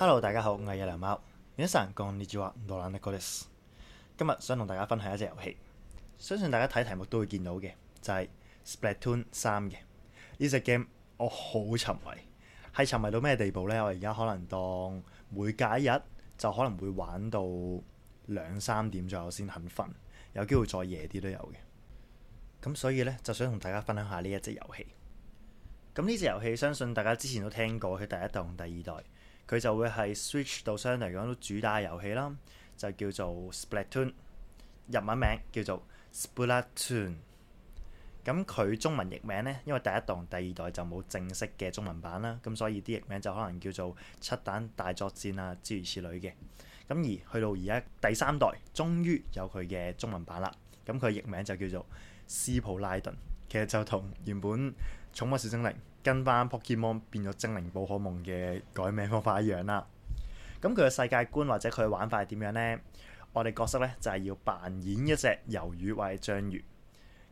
Hello，大家好，我係野良貓，名神降呢柱話唔蘭尼克爾斯。今日想同大家分享一隻遊戲，相信大家睇題目都會見到嘅，就係、是、Splatoon 三嘅呢隻 game。這個、我好沉迷，係沉迷到咩地步呢？我而家可能當每假日就可能會玩到兩三點左右先肯瞓，有機會再夜啲都有嘅。咁所以呢，就想同大家分享下呢一隻遊戲。咁呢隻遊戲相信大家之前都聽過，佢第一代、第二代。佢就會係 switch 度相對嚟講都主打遊戲啦，就叫做 Splatoon，日文名叫做 Splatoon，咁佢中文譯名呢，因為第一代、第二代就冇正式嘅中文版啦，咁所以啲譯名就可能叫做漆彈大作戰啊諸如此類嘅，咁而去到而家第三代終於有佢嘅中文版啦，咁佢嘅譯名就叫做斯普拉遁，其實就同原本寵物小精靈。跟翻《Pokémon》變咗《精靈寶可夢》嘅改名方法一樣啦。咁佢嘅世界觀或者佢嘅玩法係點樣呢？我哋角色咧就係要扮演一隻魷魚或者章魚。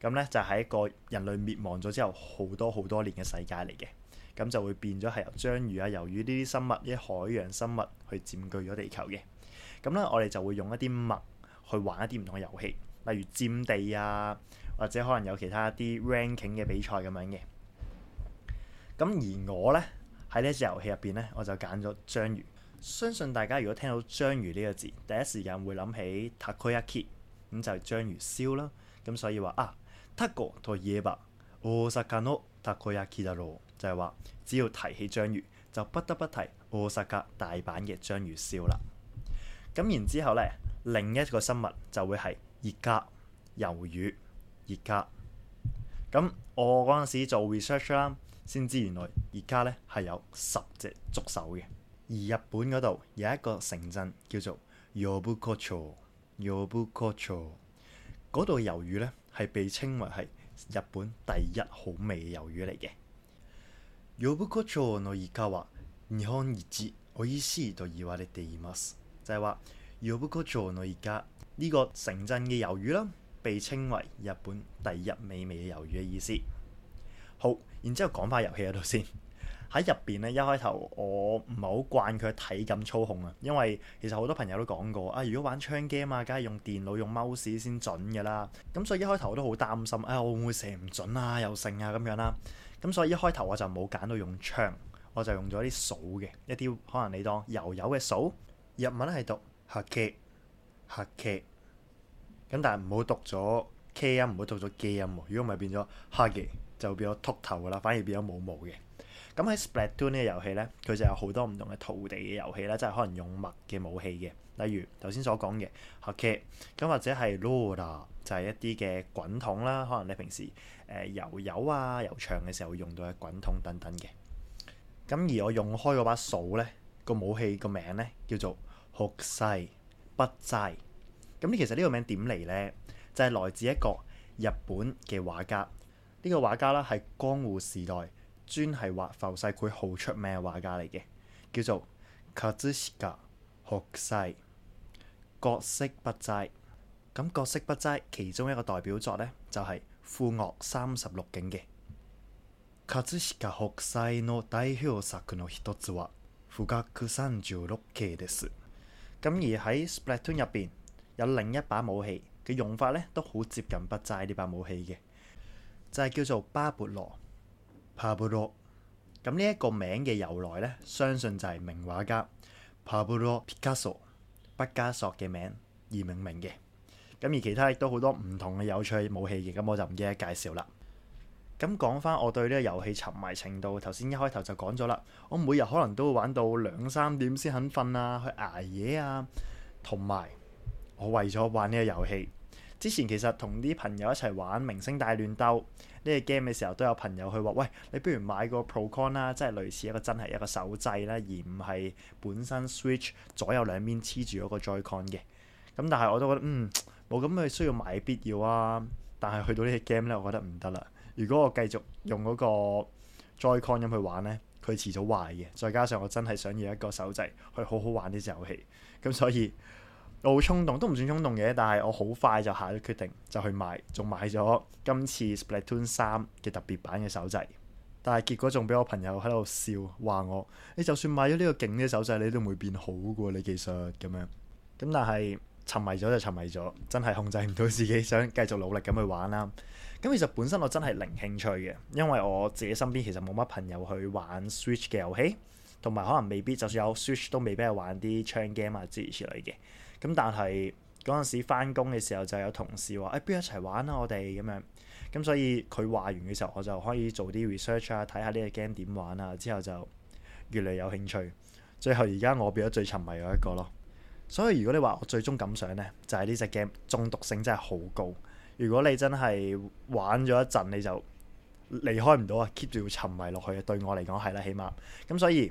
咁咧就喺一個人類滅亡咗之後好多好多年嘅世界嚟嘅。咁就會變咗係由章魚啊、魷魚呢啲生物、啲海洋生物去佔據咗地球嘅。咁咧我哋就會用一啲物去玩一啲唔同嘅遊戲，例如佔地啊，或者可能有其他一啲 ranking 嘅比賽咁樣嘅。咁而我呢，喺呢隻遊戲入邊呢，我就揀咗章魚。相信大家如果聽到章魚呢個字，第一時間會諗起たこやき，咁就係章魚燒啦。咁所以話啊，タコといえば、大阪のたこやきだろう就係、是、話只要提起章魚，就不得不提 osaka 大阪嘅章魚燒啦。咁然之後呢，另一個生物就會係イカ魷魚イカ。咁我嗰陣時做 research 啦。先知原來イカ咧係有十隻觸手嘅，而日本嗰度有一個城鎮叫做呼子町，呼子町嗰度嘅魷魚咧係被稱為係日本第一好味嘅魷魚嚟嘅。呼子町のイカは日本一おいしいと言われています，即係話呼子町のイカ呢個城鎮嘅魷魚啦，被稱為日本第一美味嘅魷魚嘅意思。好，然之後講翻遊戲喺度先喺入邊咧。面一開頭我唔係好慣佢體感操控啊，因為其實好多朋友都講過啊。如果玩槍 game 啊，梗係用電腦用 mouse 先準㗎啦。咁所以一開頭我都好擔心啊，哎，我會唔會射唔準啊，又剩啊咁樣啦。咁所以一開頭我就冇揀到用槍，我就用咗啲掃嘅，一啲可能你當油油嘅掃，日文係讀核嘅，核嘅，咁，但係唔好讀咗 K 音，唔好讀咗 g 嘅音喎。如果咪變咗核嘅。嗯啊啊啊啊啊啊啊啊就變咗禿頭噶啦，反而變咗冇毛嘅。咁喺 Splatoon 呢個遊戲呢，佢就有好多唔同嘅土地嘅遊戲啦，即係可能用墨嘅武器嘅。例如頭先所講嘅 hake，咁或者係 Lula，就係一啲嘅滾筒啦。可能你平時誒、呃、遊遊啊、遊長嘅時候會用到嘅滾筒等等嘅。咁而我用開嗰把掃呢個武器個名呢，叫做 Hokusai 不滯。咁其實呢個名點嚟呢，就係、是、來自一個日本嘅畫家。呢個畫家啦，係江戶時代專係畫浮世繪好出名嘅畫家嚟嘅，叫做葛飾北斎，葛飾北斎。咁葛飾北斎，其中一個代表作咧就係、是、富岳三十六景嘅。葛飾北斎の代表作の一つは富岳三十六景です。咁而喺《Splatoon》入邊有另一把武器嘅用法咧，都好接近北斎呢把武器嘅。就係叫做巴勃羅，帕布羅。咁呢一個名嘅由來呢，相信就係名畫家巴勃羅畢加索嘅名而命名嘅。咁而其他亦都好多唔同嘅有趣武器嘅，咁我就唔記得介紹啦。咁講返我對呢個遊戲沉迷程度，頭先一開頭就講咗啦。我每日可能都會玩到兩三點先肯瞓啊，去捱夜啊，同埋我為咗玩呢個遊戲。之前其實同啲朋友一齊玩《明星大亂鬥》呢隻 game 嘅時候，都有朋友去話：「喂，你不如買個 ProCon 啦，即係類似一個真係一個手掣啦，而唔係本身 Switch 左右兩邊黐住嗰個 JoyCon 嘅。咁但係我都覺得，嗯，冇咁嘅需要買必要啊。但係去到呢隻 game 呢，我覺得唔得啦。如果我繼續用嗰個 JoyCon 咁去玩呢，佢遲早壞嘅。再加上我真係想要一個手掣去好好玩呢隻遊戲，咁所以。好衝動，都唔算衝動嘅，但係我好快就下咗決定，就去買，仲買咗今次《Splatoon 3》嘅特別版嘅手掣。但係結果仲俾我朋友喺度笑，話我：你、欸、就算買咗呢個勁嘅手掣，你都唔會變好嘅喎，你技術咁樣咁。但係沉迷咗就沉迷咗，真係控制唔到自己，想繼續努力咁去玩啦。咁其實本身我真係零興趣嘅，因為我自己身邊其實冇乜朋友去玩 Switch 嘅遊戲，同埋可能未必就算有 Switch 都未必係玩啲槍 game 啊之類嘅。咁但係嗰陣時翻工嘅時候就有同事話，不如一齊玩啊我哋咁樣，咁、嗯、所以佢話完嘅時候，我就可以做啲 research 啊，睇下呢個 game 點玩啊，之後就越嚟越有興趣。最後而家我變咗最沉迷嗰一個咯。所以如果你話我最終感想呢，就係、是、呢隻 game 中毒性真係好高。如果你真係玩咗一陣，你就離開唔到啊，keep 住沉迷落去。對我嚟講係啦，起碼咁、嗯、所以。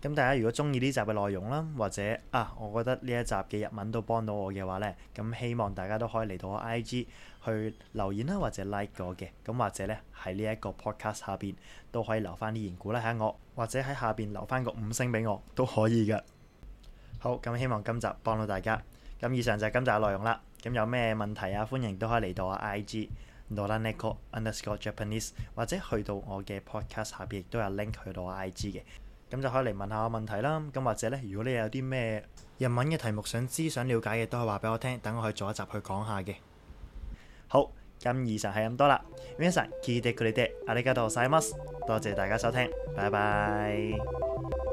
咁大家如果中意呢集嘅內容啦，或者啊，我覺得呢一集嘅日文都幫到我嘅話呢，咁希望大家都可以嚟到我 I G 去留言啦，或者 like 我嘅，咁，或者呢喺呢一個 podcast 下邊都可以留翻啲言語啦，下我，或者喺下邊留翻個五星俾我都可以嘅。好，咁，希望今集幫到大家。咁以上就係今集嘅內容啦。咁有咩問題啊？歡迎都可以嚟到我 I G noraneko_japanese，或者去到我嘅 podcast 下邊亦都有 link 去到我 I G 嘅。咁就可以嚟問下我問題啦。咁或者呢，如果你有啲咩日文嘅題目想知、想了解嘅，都可以話俾我聽，等我去做一集去講下嘅。好，咁以上係咁多啦。皆さん、聞いてくれてありがとうございます。多謝大家收聽，拜拜。